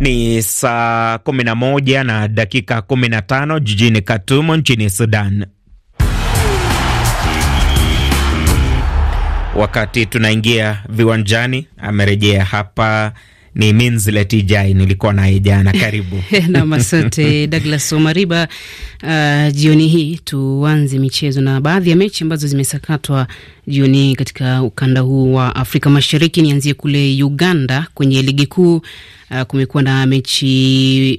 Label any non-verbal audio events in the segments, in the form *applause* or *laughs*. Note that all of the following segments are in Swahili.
Ni saa 11 na dakika 15 jijini Khartoum nchini Sudan. Wakati tunaingia viwanjani, amerejea hapa ni Minzletjai, nilikuwa naye jana. Karibu *laughs* nam. Asante Douglas Omariba. Uh, jioni hii tuanze michezo na baadhi ya mechi ambazo zimesakatwa jioni katika ukanda huu wa Afrika Mashariki. Nianzie kule Uganda kwenye ligi kuu. Uh, kumekuwa na mechi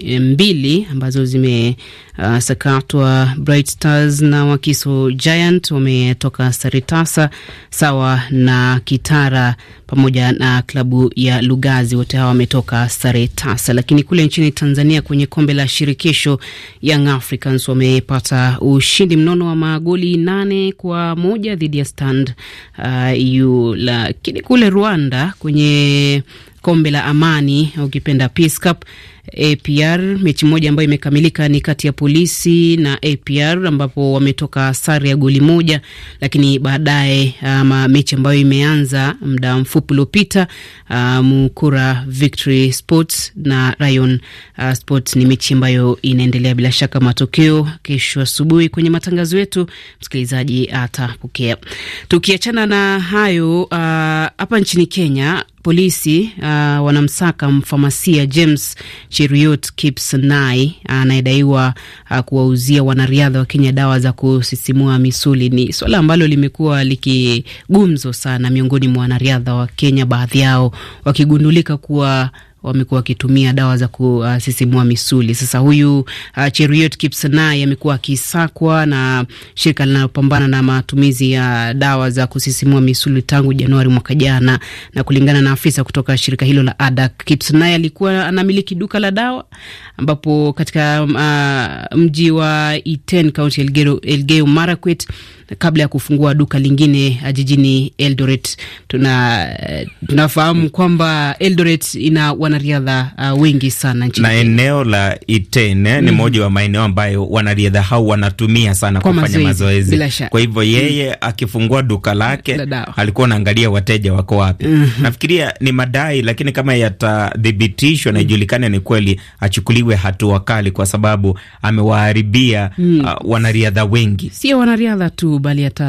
eh, mbili ambazo zimesakatwa. Uh, Bright Stars na Wakiso Giant wametoka sare tasa sawa na Kitara pamoja na klabu ya Lugazi, wote hawa wametoka sare tasa. Lakini kule nchini Tanzania kwenye kombe la shirikisho Young Africans wamepata ushindi mnono wa magoli nane kwa moja dhidi ya Stand uh, EU. Lakini kule Rwanda kwenye kombe la amani ukipenda Peace Cup APR. Mechi moja ambayo imekamilika ni kati ya polisi na APR ambapo wametoka sare ya goli moja, lakini baadaye ama mechi ambayo imeanza muda mfupi uliopita ah, Mukura Victory Sports na Rayon uh, Sports ni mechi ambayo inaendelea. Bila shaka matokeo kesho asubuhi kwenye matangazo yetu msikilizaji atapokea. Tukiachana na hayo ah, hapa uh, nchini Kenya polisi uh, wanamsaka mfamasia James Cheruiyot Kipsnai anayedaiwa uh, uh, kuwauzia wanariadha wa Kenya dawa za kusisimua misuli. Ni suala ambalo limekuwa likigumzo sana miongoni mwa wanariadha wa Kenya, baadhi yao wakigundulika kuwa wamekuwa wakitumia dawa za kusisimua misuli. Sasa huyu uh, Cheruiyot Kipsanai amekuwa akisakwa na shirika linalopambana na matumizi ya dawa za kusisimua misuli tangu Januari mwaka jana, na kulingana na afisa kutoka shirika hilo la ADAK, kipsnai alikuwa anamiliki duka la dawa ambapo katika uh, mji wa Iten, kaunti Elgeyo Marakwet kabla ya kufungua duka lingine eh, jijini Eldoret. Tuna, eh, tunafahamu kwamba Eldoret ina wanariadha uh, wengi sana nchini na eneo la Iten eh, ni mmoja mhm. wa maeneo ambayo wanariadha hao wanatumia sana kwa kufanya mazoezi. Kwa hivyo yeye mm, akifungua duka lake alikuwa anaangalia wateja wako wapi. Mm -hmm. Nafikiria ni madai, lakini kama yatathibitishwa na mhm. ijulikane ni kweli, achukuliwe hatua kali, kwa sababu amewaharibia mm, uh, wanariadha wengi, sio wanariadha tu bali hata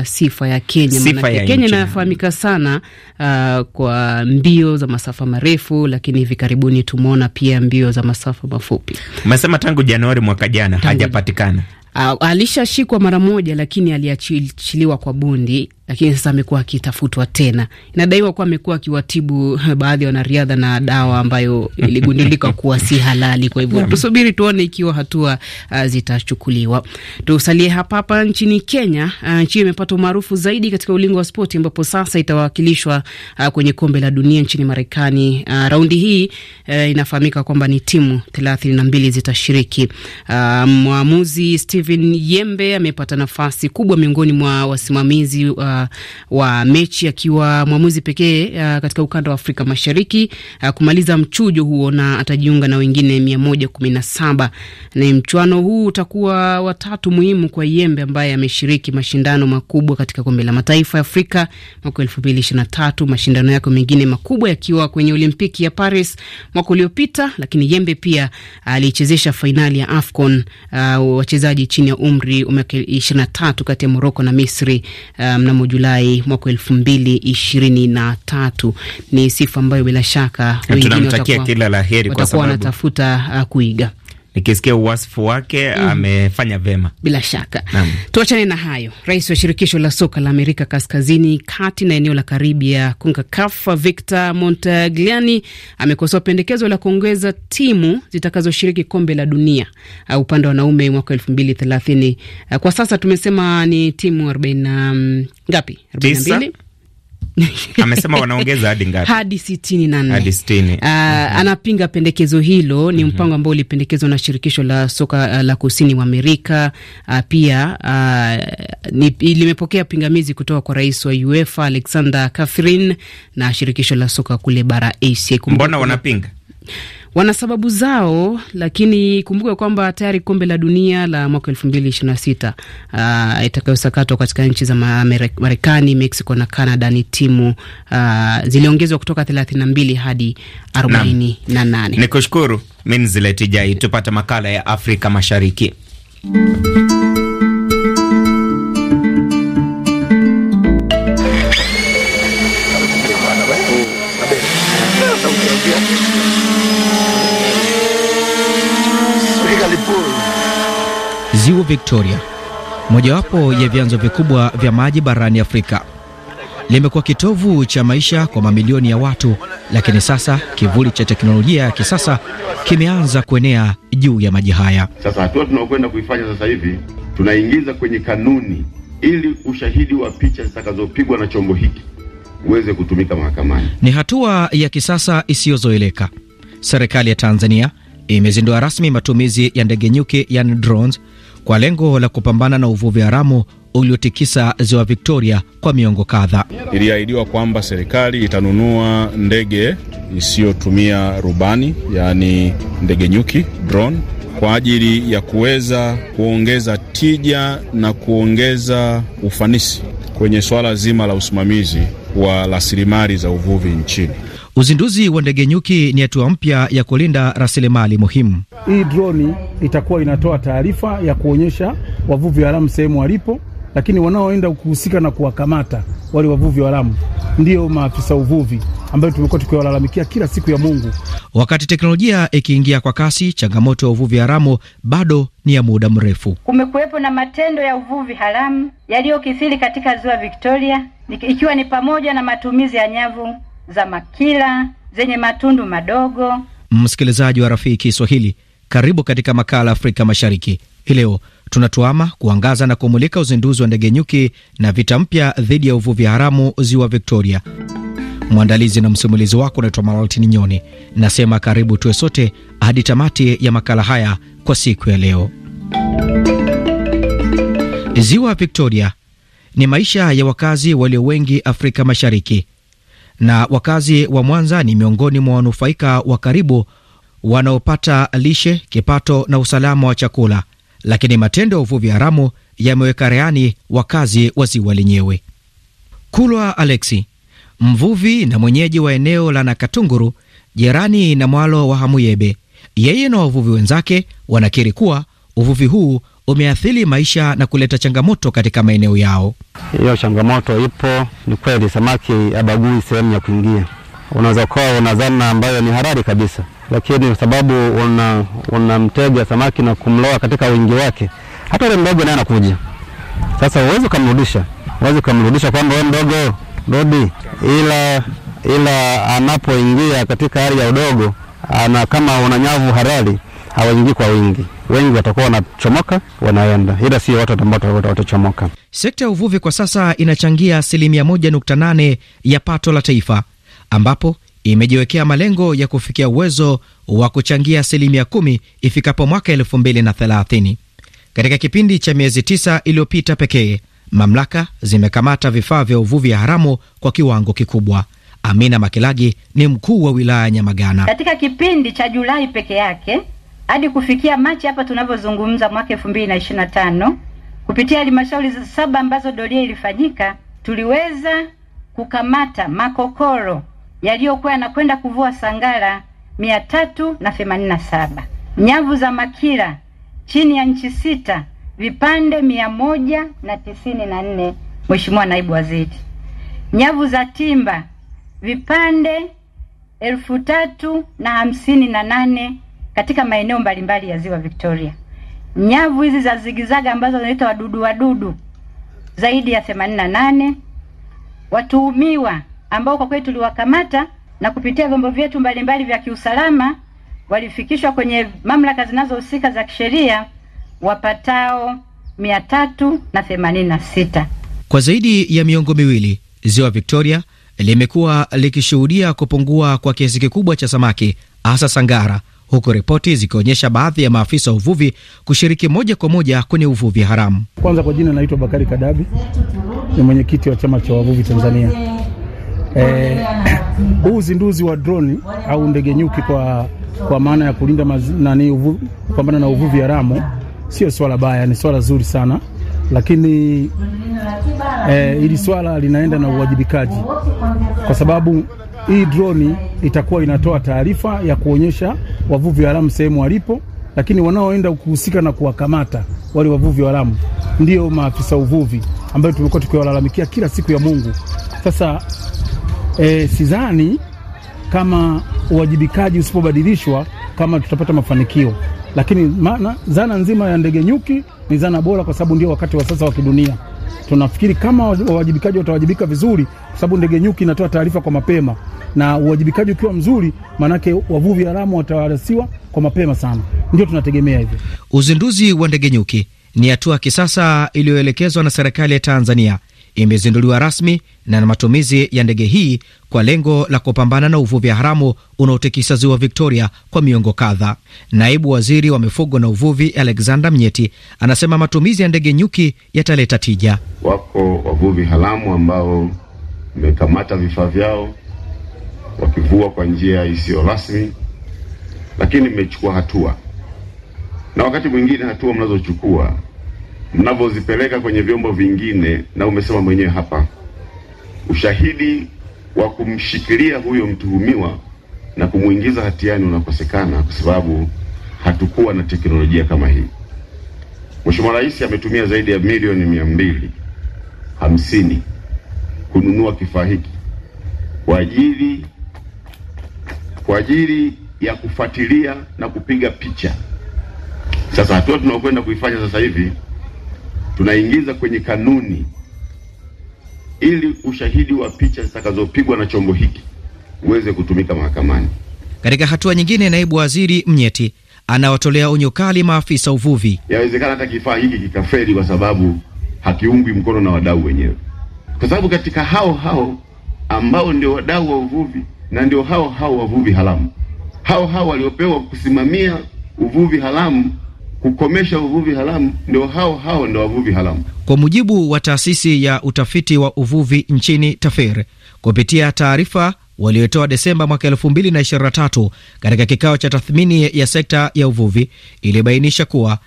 uh, sifa ya Kenya. Sifa ya Kenya inafahamika sana uh, kwa mbio za masafa marefu, lakini hivi karibuni tumeona pia mbio za masafa mafupi. Umesema tangu Januari mwaka jana hajapatikana. Uh, alishashikwa mara moja lakini aliachiliwa kwa bundi lakini sasa amekuwa akitafutwa tena. Inadaiwa kuwa amekuwa akiwatibu eh, baadhi ya wanariadha na dawa ambayo iligundulika *laughs* kuwa si halali. Kwa hivyo tusubiri tuone ikiwa hatua uh, zitachukuliwa. Tusalie hapa hapa nchini Kenya. Uh, nchi imepata umaarufu zaidi katika ulingo wa spoti, ambapo sasa itawakilishwa uh, kwenye kombe la dunia nchini Marekani. Uh, raundi hii uh, inafahamika kwamba ni timu thelathini na mbili zitashiriki. Uh, mwamuzi Stephen Yembe amepata nafasi kubwa miongoni mwa wasimamizi uh, wa mechi akiwa mwamuzi pekee uh, katika ukanda wa Afrika Mashariki uh, kumaliza mchujo huo na atajiunga na wengine 117. na mchuano huu utakuwa watatu muhimu kwa Yembe ambaye ameshiriki mashindano makubwa katika kombe la mataifa ya Afrika mwaka elfu tatu, mashindano yako mengine makubwa yakiwa kwenye Olimpiki ya Paris mwaka uliopita, lakini Yembe pia alichezesha fainali ya AFCON uh, wachezaji chini ya umri wa miaka ishirini kati ya Morocco na Misri uh, mnamo Julai mwaka elfu mbili ishirini na tatu. Ni sifa ambayo bila shaka wengine watakuwa wanatafuta uh, kuiga nikisikia uwasifu wake mm, amefanya vema bila shaka. Tuachane na hayo. Rais wa shirikisho la soka la Amerika Kaskazini, kati na eneo la ya CONCACAF, Victor Montagliani amekosoa pendekezo la kuongeza timu zitakazoshiriki kombe la dunia uh, upande wa wanaume mwaka elfu mbili thelathini. Uh, kwa sasa tumesema ni timu arobaini na mm, ngapi? arobaini na mbili *laughs* amesema wanaongeza hadi ngapi? Hadi sitini na nne hadi sitini. Uh, mm -hmm. Anapinga pendekezo hilo. Ni mhm. mpango ambao ulipendekezwa na shirikisho la soka ah, la kusini wa Amerika. Uh, pia uh, limepokea pingamizi kutoka kwa rais wa UEFA Alexander Kafrin na shirikisho la soka kule bara Asia. Mbona wanapinga? wana sababu zao, lakini kumbuka kwamba tayari kombe la dunia la mwaka elfu mbili ishirini na sita uh, itakayosakatwa katika nchi za Marekani, Mexico na Canada ni timu uh, ziliongezwa kutoka thelathini na mbili hadi arobaini na nane. Ni kushukuru Minziletijai, tupate makala ya Afrika Mashariki Ziwa Victoria, mojawapo ya vyanzo vikubwa vya maji barani Afrika, limekuwa kitovu cha maisha kwa mamilioni ya watu, lakini sasa kivuli cha teknolojia ya kisasa kimeanza kuenea juu ya maji haya. Sasa hatua tunaokwenda kuifanya sasa hivi, tunaingiza kwenye kanuni ili ushahidi wa picha zitakazopigwa na chombo hiki uweze kutumika mahakamani. Ni hatua ya kisasa isiyozoeleka. Serikali ya Tanzania imezindua rasmi matumizi ya ndege nyuki, yani drones, kwa lengo la kupambana na uvuvi haramu uliotikisa ziwa Victoria kwa miongo kadha. Iliahidiwa kwamba serikali itanunua ndege isiyotumia rubani, yaani ndege nyuki drone, kwa ajili ya kuweza kuongeza tija na kuongeza ufanisi kwenye swala zima la usimamizi wa rasilimali za uvuvi nchini. Uzinduzi wa ndege nyuki ni hatua mpya ya kulinda rasilimali muhimu. Hii droni itakuwa inatoa taarifa ya kuonyesha wavuvi haramu sehemu walipo, lakini wanaoenda kuhusika na kuwakamata wale wavuvi haramu ndiyo maafisa uvuvi ambayo tumekuwa tukiwalalamikia kila siku ya Mungu. Wakati teknolojia ikiingia kwa kasi, changamoto ya uvuvi haramu bado ni ya muda mrefu. Kumekuwepo na matendo ya uvuvi haramu yaliyokithiri katika ziwa Victoria, ikiwa ni pamoja na matumizi ya nyavu za makila zenye matundu madogo. Msikilizaji wa Rafiki Kiswahili, karibu katika makala Afrika Mashariki. Hii leo tunatuama kuangaza na kumulika uzinduzi wa ndege nyuki na vita mpya dhidi ya uvuvi haramu ziwa Victoria. Mwandalizi na msimulizi wako unaitwa Malaltini Nyoni. Nasema karibu tuwe sote hadi tamati ya makala haya kwa siku ya leo. Ziwa Victoria ni maisha ya wakazi walio wengi Afrika Mashariki na wakazi wa Mwanza ni miongoni mwa wanufaika wa karibu wanaopata lishe, kipato na usalama wa chakula, lakini matendo ya uvuvi haramu yameweka rehani wakazi wa ziwa lenyewe. Kulwa Alexi, mvuvi na mwenyeji wa eneo la Nakatunguru jirani na mwalo wa Hamuyebe, yeye na wavuvi wenzake wanakiri kuwa uvuvi huu umeathiri maisha na kuleta changamoto katika maeneo yao. Hiyo changamoto ipo, ni kweli, samaki abagui sehemu ya kuingia. Unaweza kuwa una zana ambayo ni harari kabisa, lakini kwa sababu unamtega una samaki na kumloa katika wingi wake, hata ule mdogo naye anakuja. Sasa uwezi ukamrudisha, uwezi ukamrudisha kwamba we mdogo rudi, ila ila anapoingia katika hali ya udogo ana kama una nyavu hawaingii kwa wingi wengi watakuwa wanachomoka wanaenda, ila sio watu ambao watachomoka. Sekta ya uvuvi kwa sasa inachangia asilimia 1.8 ya pato la taifa, ambapo imejiwekea malengo ya kufikia uwezo wa kuchangia asilimia 10 ifikapo mwaka 2030. Katika kipindi cha miezi 9 iliyopita pekee, mamlaka zimekamata vifaa vya uvuvi haramu kwa kiwango kikubwa. Amina Makilagi ni mkuu wa wilaya Nyamagana. Katika kipindi cha Julai peke yake hadi kufikia Machi hapa tunavyozungumza mwaka tano kupitia halmashauri saba ambazo doria ilifanyika tuliweza kukamata makokoro yaliyokuwa yanakwenda kuvua sangara mia tatu na themanini na saba, nyavu za makira chini ya nchi sita vipande mia moja na tisini na nne Mheshimiwa Naibu Waziri, nyavu za timba vipande elfu tatu na hamsini na nane katika maeneo mbalimbali ya ziwa Victoria. Nyavu hizi za zigizaga ambazo zinaitwa wadudu wadudu zaidi ya 88 watuhumiwa ambao kwa kweli tuliwakamata na kupitia vyombo vyetu mbalimbali vya kiusalama walifikishwa kwenye mamlaka zinazohusika za kisheria wapatao mia tatu na themanini na sita. Kwa zaidi ya miongo miwili ziwa Victoria limekuwa likishuhudia kupungua kwa kiasi kikubwa cha samaki hasa sangara huku ripoti zikionyesha baadhi ya maafisa wa uvuvi kushiriki moja kwa moja kwenye uvuvi haramu. Kwanza kwa jina naitwa Bakari Kadabi, ni mwenyekiti wa chama cha wavuvi Tanzania. Eh, *clears throat* huu eh, uzinduzi wa droni au ndege nyuki kwa, kwa maana ya kulinda kupambana na uvuvi haramu sio swala baya, ni swala zuri sana lakini eh, hili swala linaenda na uwajibikaji, kwa sababu hii droni itakuwa inatoa taarifa ya kuonyesha wavuvi haramu sehemu walipo, lakini wanaoenda kuhusika na kuwakamata wale wavuvi haramu ndio maafisa uvuvi ambayo tumekuwa tukiwalalamikia kila siku ya Mungu. Sasa e, sidhani kama uwajibikaji usipobadilishwa kama tutapata mafanikio, lakini maana zana nzima ya ndege nyuki ni zana bora, kwa sababu ndio wakati wa sasa wa kidunia. Tunafikiri kama wawajibikaji watawajibika vizuri, kwa sababu ndege nyuki inatoa taarifa kwa mapema na uwajibikaji ukiwa mzuri, maanake wavuvi haramu watawarasiwa kwa mapema sana. Ndio tunategemea hivyo. Uzinduzi wa ndege nyuki ni hatua ya kisasa iliyoelekezwa na serikali ya Tanzania, imezinduliwa rasmi na matumizi ya ndege hii kwa lengo la kupambana na uvuvi haramu unaotikisa ziwa Victoria kwa miongo kadha Naibu waziri wa mifugo na uvuvi Alexander Mnyeti anasema matumizi ya ndege nyuki yataleta tija. Wako wavuvi haramu ambao wamekamata vifaa vyao wakivua kwa njia isiyo rasmi, lakini mmechukua hatua, na wakati mwingine hatua mnazochukua mnavyozipeleka kwenye vyombo vingine, na umesema mwenyewe hapa, ushahidi wa kumshikilia huyo mtuhumiwa na kumwingiza hatiani unakosekana kwa sababu hatukuwa na teknolojia kama hii. Mheshimiwa Rais ametumia zaidi ya milioni mia mbili hamsini kununua kifaa hiki kwa ajili kwa ajili ya kufuatilia na kupiga picha. Sasa hatua tunaokwenda kuifanya sasa hivi tunaingiza kwenye kanuni, ili ushahidi wa picha zitakazopigwa na chombo hiki uweze kutumika mahakamani. Katika hatua nyingine, naibu waziri Mnyeti anawatolea onyo kali maafisa uvuvi. Yawezekana hata kifaa hiki kikafeli kwa sababu hakiungwi mkono na wadau wenyewe, kwa sababu katika hao hao ambao ndio wadau wa uvuvi na ndio hao hao wavuvi haramu, hao hao waliopewa kusimamia uvuvi haramu kukomesha uvuvi haramu ndio hao hao ndio wavuvi haramu. Kwa mujibu wa taasisi ya utafiti wa uvuvi nchini TAFIR, kupitia taarifa waliotoa Desemba mwaka 2023 katika kikao cha tathmini ya sekta ya uvuvi ilibainisha kuwa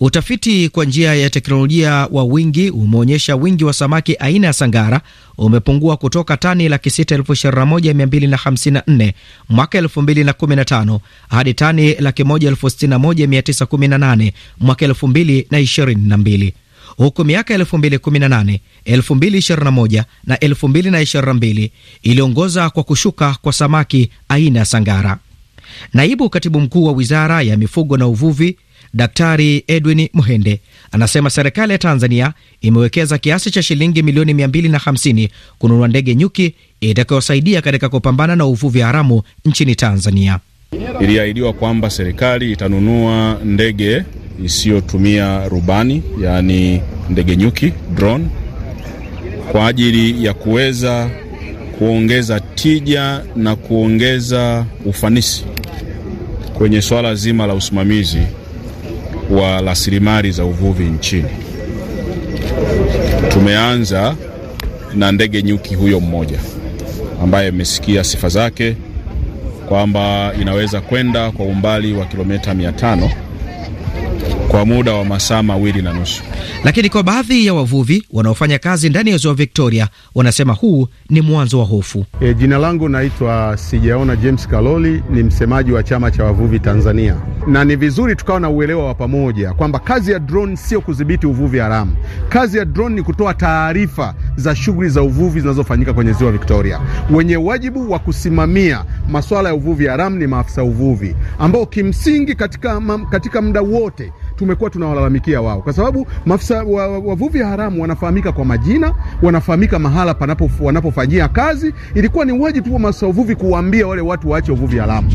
Utafiti kwa njia ya teknolojia wa wingi umeonyesha wingi wa samaki aina ya sangara umepungua kutoka tani laki sita mwaka hadi tani laki moja mwaka huku miaka 2018, 2021 na 2022 iliongoza kwa kushuka kwa samaki aina ya sangara. Naibu katibu mkuu wa wizara ya mifugo na uvuvi Daktari Edwin Muhende anasema serikali ya Tanzania imewekeza kiasi cha shilingi milioni 250 kununua ndege nyuki itakayosaidia katika kupambana na uvuvi haramu nchini Tanzania. Iliahidiwa kwamba serikali itanunua ndege isiyotumia rubani, yaani ndege nyuki drone, kwa ajili ya kuweza kuongeza tija na kuongeza ufanisi kwenye swala zima la usimamizi wa rasilimali za uvuvi nchini. Tumeanza na ndege nyuki huyo mmoja ambaye amesikia sifa zake kwamba inaweza kwenda kwa umbali wa kilomita mia tano kwa muda wa masaa mawili na nusu. Lakini kwa baadhi ya wavuvi wanaofanya kazi ndani ya ziwa Victoria wanasema huu ni mwanzo wa hofu. E, jina langu naitwa Sijaona James Kaloli, ni msemaji wa chama cha wavuvi Tanzania, na ni vizuri tukawa na uelewa wa pamoja kwamba kazi ya drone sio kudhibiti uvuvi haramu. Kazi ya drone ni kutoa taarifa za shughuli za uvuvi zinazofanyika kwenye ziwa Victoria. Wenye wajibu wa kusimamia masuala ya uvuvi haramu ni maafisa uvuvi ambao kimsingi katika, katika muda wote tumekuwa tunawalalamikia wao, kwa sababu maafisa wavuvi wa, wa haramu wanafahamika kwa majina, wanafahamika mahala panapo wanapofanyia kazi. Ilikuwa ni wajibu wa maafisa uvuvi kuwaambia wale watu waache uvuvi haramu.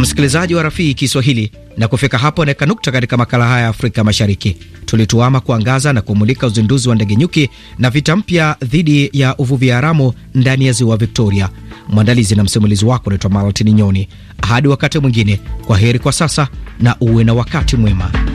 Msikilizaji wa Rafii Kiswahili, na kufika hapo naweka nukta katika makala haya ya Afrika Mashariki. Tulituama kuangaza na kumulika uzinduzi wa ndege nyuki na vita mpya dhidi ya uvuvi haramu ndani ya ziwa Victoria. Mwandalizi na msimulizi wako unaitwa Martin Nyoni hadi wakati mwingine, kwa heri kwa sasa na uwe na wakati mwema.